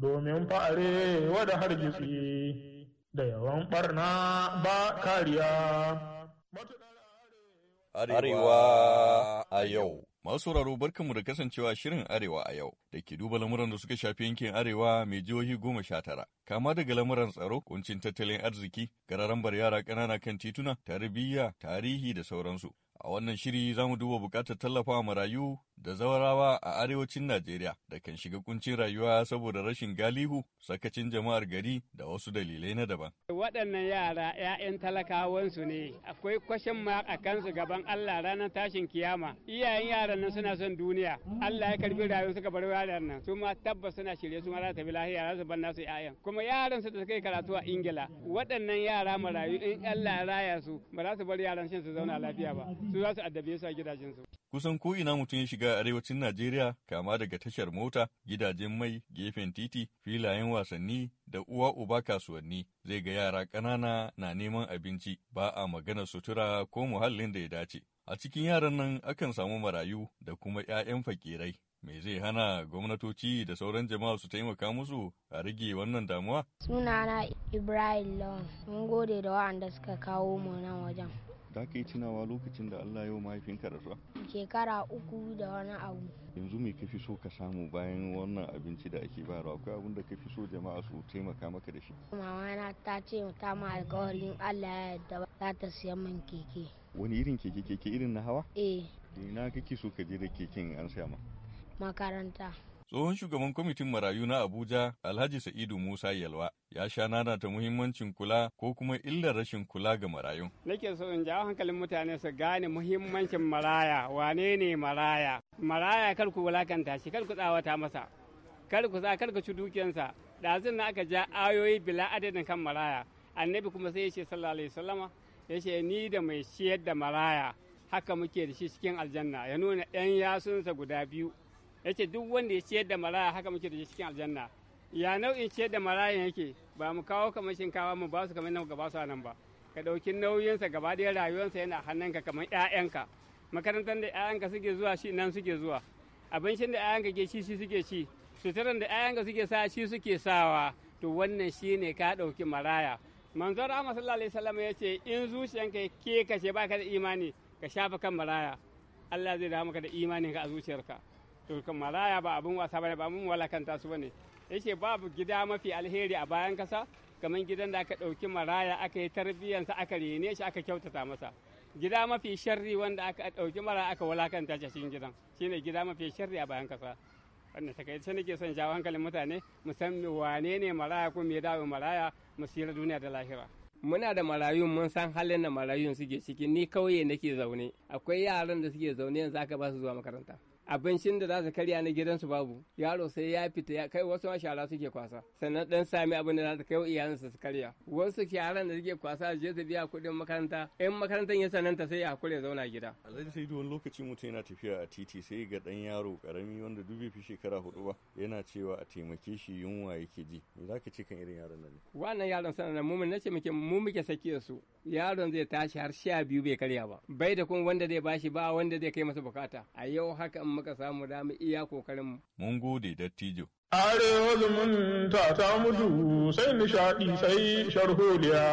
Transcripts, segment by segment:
domin fa'are wada hargitsi da yawan ɓarna ba kariya. Arewa a yau Masu sauraro barkanmu da kasancewa shirin Arewa a yau da ke duba lamuran da suka shafi yankin Arewa mai jihohi goma sha tara. Kama daga lamuran tsaro, kuncin tattalin arziki, gararambar yara ƙanana kan tituna, tarbiyya, tarihi da sauransu. A wannan shiri za mu duba buƙatar tallafawa marayu da zawarawa a arewacin Najeriya da kan shiga kuncin rayuwa saboda rashin galihu, sakacin jama'ar gari da wasu dalilai na daban. Waɗannan yara 'ya'yan talakawansu ne, akwai kwashin ma a kansu gaban Allah ranar tashin kiyama. Iyayen yaran nan suna son duniya, Allah ya karbi rayuwar suka bar yaran nan, su ma tabbas suna shirye su ma za ta bi lahiya za su ban nasu 'ya'yan. Kuma yaran su da suka yi karatu a Ingila, waɗannan yara marayu in Allah ya raya su, ba za su bar yaran shin su zauna lafiya ba, su za su addabe su a gidajensu. Kusan ko'ina mutum ya shiga arewacin Najeriya kama daga tashar mota, gidajen mai, gefen titi, filayen wasanni da uwa uba kasuwanni zai ga yara ƙanana na neman abinci ba a magana sutura ko muhallin da ya dace. A cikin yaran nan akan samu marayu da kuma 'ya'yan fakirai. me zai hana gwamnatoci da sauran jama'a su taimaka musu a rage wannan damuwa? Sunana Ibrahim Lawan, mun gode da wa'anda suka kawo mu nan wajen. Da ka yi tunawa lokacin da Allah ya yau mahaifinka rasuwa? Shekara uku da wani abu. Yanzu me kafi so ka samu bayan wannan abinci da ake bayarwa? Akwai abin da ka fi so jama'a su taimaka maka da shi? Mama na ta ce ta ma alƙawarin Allah ya yarda za ta siya min keke. Wani irin keke keke irin na hawa? Eh. Ina kake so ka je da keken an siya ma? Makaranta. Tsohon shugaban kwamitin marayu na Abuja, Alhaji Sa'idu Musa Yalwa, ya sha nana ta muhimmancin kula ko kuma illar rashin kula ga marayu. Nake so in jawo hankalin mutane su gane muhimmancin maraya, wane ne maraya? Maraya kar ku wulakanta shi, kar ku tsawata masa, kar ku sa kar ku ci dukiyansa. Ɗazun na aka ja ayoyi bila adadin kan maraya. Annabi kuma sai ya ce sallallahu alaihi wasallama, ya ce ni da mai ciyar da maraya haka muke da shi cikin aljanna ya nuna yan yasunsa guda biyu yace duk wanda ya ciyar da maraya haka muke da shi cikin aljanna ya nau'in ciyar da maraya yake ba mu kawo kamar shinkawa mu ba su kamar nan ba su nan ba ka ɗauki nauyinsa gaba ɗaya rayuwarsa yana hannunka kamar ƴaƴanka makarantar da ƴaƴanka suke zuwa shi nan suke zuwa abincin da ƴaƴanka ke ci shi suke ci suturan da ƴaƴanka suke sa shi suke sawa to wannan shi ne ka ɗauki maraya manzon rahama sallallahu alaihi wasallam ya ce in zuciyanka ke kashe baka da imani ka shafa kan maraya Allah zai dawo maka da imanin imaninka a zuciyarka to maraya ba abin wasa ba bane ba mun walakanta su ba bane yace babu gida mafi alheri a bayan kasa kamar gidan da aka ɗauki maraya aka yi sa aka rene shi aka kyautata masa gida mafi sharri wanda aka dauki maraya aka walakanta shi cikin gidan shine gida mafi sharri a bayan kasa wannan takaice nake son jawo hankalin mutane musamman wane ne maraya ko me dawo maraya musira duniya da lahira muna da marayun mun san halin da marayun suke ciki ni kauye nake zaune akwai yaran da suke zaune yanzu aka ba su zuwa makaranta abincin da za su karya na gidansu babu yaro sai ya fita ya kai wasu shara suke kwasa sannan dan sami abin da za su kai iyalinsa su karya wasu sharan da suke kwasa je su biya kuɗin makaranta in makarantar ya sananta sai ya kure zauna gida a sai wani lokaci mutum yana tafiya a titi sai ga dan yaro karami wanda dubi fi shekara hudu ba yana cewa a taimake shi yunwa yake ji me za ka ce kan irin yaron nan wannan yaron sanar mu na ce muke mu muke sakiya su yaron zai tashi har sha biyu bai karya ba bai da kuma wanda zai bashi ba wanda zai kai masa bukata a yau haka muka samu dama iya kokarinmu. Mun gode dattijo. Arewa zumunta ta mutu sai nishaɗi sai sharholiya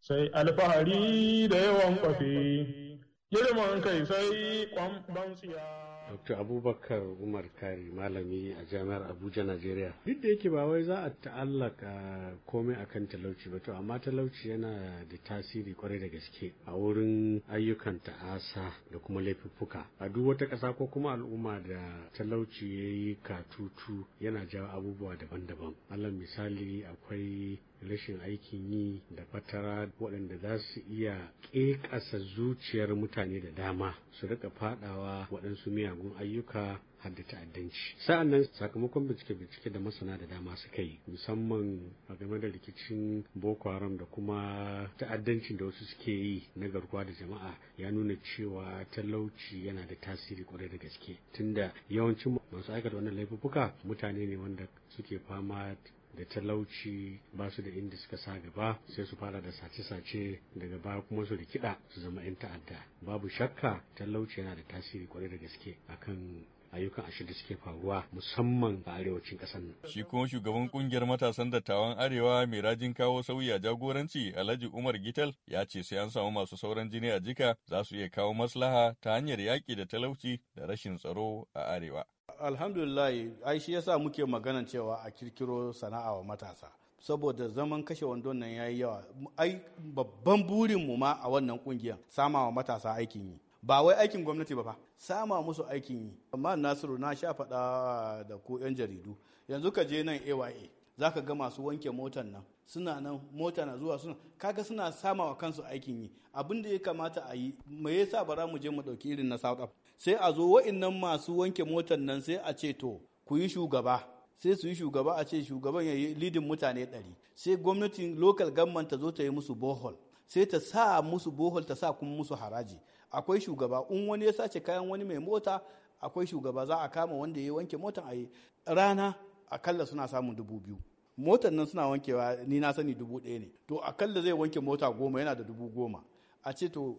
sai alfahari da yawan kwafi, girman kai sai kwamban tsiya. Dr. Abubakar Umar Kari malami a jami'ar Abuja Najeriya. Duk da yake ba wai za a ta'allaka komai akan talauci ba to amma talauci yana da tasiri kwarai da gaske a wurin ayyukan ta'asa da kuma laifuffuka. A duk wata ƙasa ko kuma al'umma da talauci ya yi katutu yana jawo abubuwa daban-daban. Allah misali akwai rashin aikin yi da fatara waɗanda za su iya ƙeƙasa zuciyar mutane da dama su rika fadawa waɗansu miyagun ayyuka har da ta'addanci sa'an nan sakamakon bincike-bincike da masana da dama suka yi musamman a game da rikicin boko haram da kuma ta'addancin da wasu suke yi na garkuwa da jama'a ya nuna cewa talauci yana da tasiri kwarai da gaske tunda yawancin masu aikata wannan laifuffuka mutane ne wanda suke fama da talauci ba su da inda suka sa gaba sai su fara da sace-sace daga baya kuma su rikida su zama 'yan ta'adda babu shakka talauci yana da tasiri kwarai da gaske akan ayyukan ashe da suke faruwa musamman a arewacin ƙasar nan. Shi kuma shugaban kungiyar matasan dattawan arewa mai rajin kawo sauyi a jagoranci Alhaji Umar Gital ya ce sai an samu masu sauran jini a jika za su iya kawo maslaha ta hanyar yaƙi da talauci da rashin tsaro a arewa. alhamdulillah ai shi yasa muke maganan cewa a kirkiro sana'a wa matasa saboda zaman kashe wandon nan yayi yawa ai babban burin mu ma a wannan kungiyar sama wa matasa aikin yi ba wai aikin gwamnati ba fa sama musu aikin yi amma nasiru na sha faɗa da ku yan jaridu yanzu ka je nan AYA zaka ga masu wanke motan nan suna nan mota na zuwa suna kaga suna sama wa kansu aikin yi abin da ya kamata a yi me yasa bara mu je mu ɗauki irin na South Africa sai a zo wa'innan masu wanke motar nan sai a ce to ku yi shugaba sai su yi shugaba a ce shugaban ya yi lidin mutane ɗari sai gwamnatin local government ta zo ta yi musu bohol sai ta sa musu bohol ta sa kuma musu haraji akwai shugaba in wani ya sace kayan wani mai mota akwai shugaba za a kama wanda ya wanke motan a yi rana akalla suna samun dubu biyu motan nan suna wankewa ni na sani dubu ɗaya ne to akalla zai wanke mota goma yana da dubu goma a ce to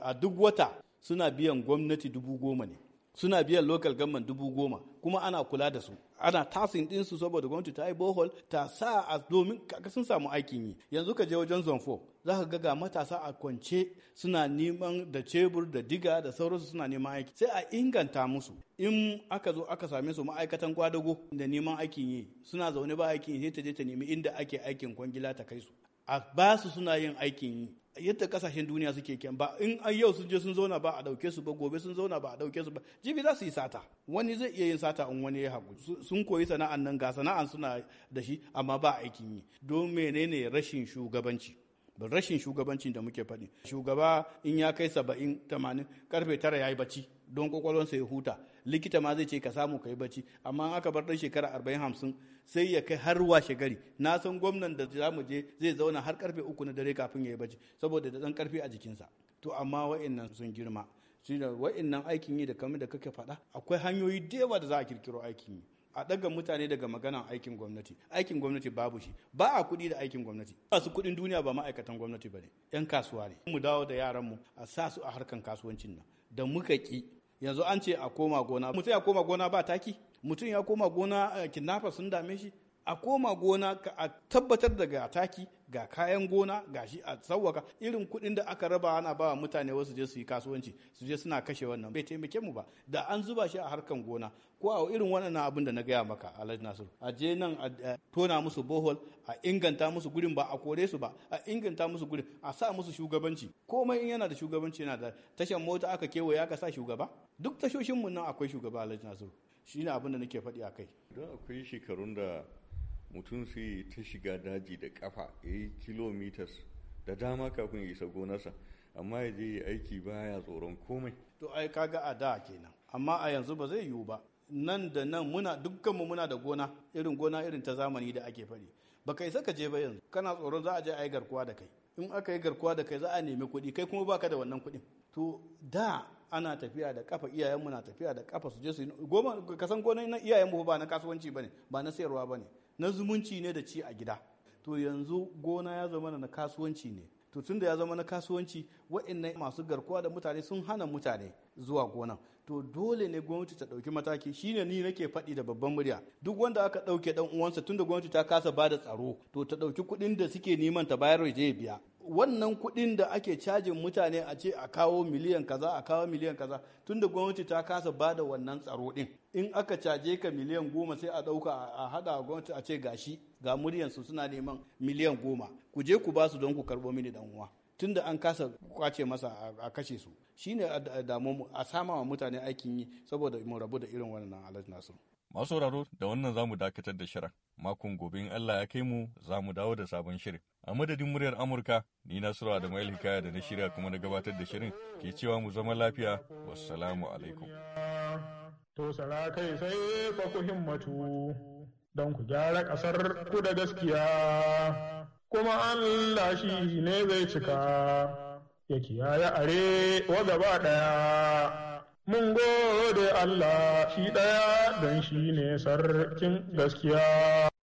a duk wata suna biyan gwamnati dubu goma ne suna biyan local government dubu goma kuma ana kula da su ana tasin ɗinsu saboda gwamnati ta yi bohol ta sa a domin sun samu aikin yi yanzu ka je wajen zonfo za ka ga matasa a kwance suna neman da cebur da diga da sauransu suna neman aiki sai a inganta musu in aka zo aka same su ma'aikatan kwadago da neman aikin yi suna zaune ba aikin yi sai ta je ta nemi inda ake aikin kwangila ta kai su a ba su suna yin aikin yi yadda kasashen duniya suke kyan ba in an yau sun je sun zauna ba a dauke su ba gobe sun zauna ba a dauke su ba jibi za su yi sata wani zai iya yin sata in wani ya haku sun koyi sana'an nan ga sana'an suna da shi amma ba aikin yi don menene rashin shugabanci rashin shugabanci da muke faɗi shugaba in ya kai saba'in tamanin karfe tara ya yi bacci don kwakwalwansa ya huta likita ma zai ce ka samu ka yi bacci amma aka bar ɗan shekara arba'in hamsin sai ya kai har washe gari na san gwamnan da za mu je zai zauna har karfe uku na dare kafin ya yi bacci saboda da dan karfi a jikinsa to amma wa'annan sun girma shi da wa'annan aikin yi da kamar da kake faɗa akwai hanyoyi da yawa da za a kirkiro aikin yi a ɗaga mutane daga maganan aikin gwamnati aikin gwamnati babu shi ba a kuɗi da aikin gwamnati ba su kuɗin duniya ba ma'aikatan gwamnati ba ne 'yan kasuwa ne mu dawo da yaran mu a sa su a harkan kasuwancin nan da muka ki yanzu an ce a koma gona mutum a koma gona ba taki mutum ya koma gona a kidnappers sun dame shi a koma gona a tabbatar daga taki. ga kayan gona ga shi a tsawaka irin kuɗin da aka raba ana ba mutane wasu je su yi kasuwanci su je suna kashe wannan bai taimake mu ba da an zuba shi a harkan gona ko a irin wannan abin da na gaya maka Alhaji Nasiru a je nan a tona musu bohol a inganta musu gurin ba a kore su ba a inganta musu gurin a sa musu shugabanci komai in yana da shugabanci yana da tashan mota aka kewaye aka sa shugaba duk tashoshin mu nan akwai shugaba Alhaji Nasiru shine abin da nake faɗi a kai don akwai shekarun da mutum sai ya ta shiga daji da kafa ya yi kilomitas da dama kafin ya isa gonarsa amma ya je aiki baya tsoron komai to ai kaga a da kenan amma a yanzu ba zai yiwu ba nan da nan muna dukkanmu muna da gona irin gona irin ta zamani da ake fari baka isa ka je ba yanzu kana tsoron za a je a yi garkuwa da kai in aka yi garkuwa da kai za a nemi kuɗi kai kuma baka da wannan kuɗin to da ana tafiya da kafa iyayenmu na tafiya da kafa su je su goma ka san gonan iyayenmu ba na kasuwanci bane ba na sayarwa ba ne. na zumunci ne da ci a gida to yanzu gona ya zama na kasuwanci ne to tun da ya zama na kasuwanci wa'annan masu garkuwa da mutane sun hana mutane zuwa gona to dole ne gwamnati ta ɗauki mataki shine ni nake faɗi da babban murya duk wanda aka ɗauke ɗan uwansa tun da gwamnati ta kasa ba da tsaro to ta ɗauki kuɗin da suke neman ta bayar ya biya wannan kuɗin da ake cajin mutane a ce a kawo miliyan kaza a kawo miliyan kaza tun da gwamnati ta kasa ba da wannan tsaro ɗin in aka caje ka miliyan goma sai a ɗauka a haɗa gwamnati a ce gashi ga muryansu suna neman miliyan goma ku je ku ba su don ku karɓo mini dan uwa tunda an kasa kwace masa a kashe su shine damu a sama wa mutane aikin yi saboda mu rabu da irin wannan alhaji nasu masu raro da wannan zamu dakatar da shirin makon gobe in Allah ya kai mu za mu dawo da sabon shirin a madadin muryar Amurka ni da Adamu Hikaya da na shirya kuma na gabatar da shirin ke cewa mu zama lafiya wassalamu alaikum To kai sai fa ku himmatu don ku gyara ƙasar ku da gaskiya, kuma Allah shi ne zai cika, ya kiyaye are wa gaba ɗaya. Mun gode Allah shi ɗaya don shi ne sarkin gaskiya.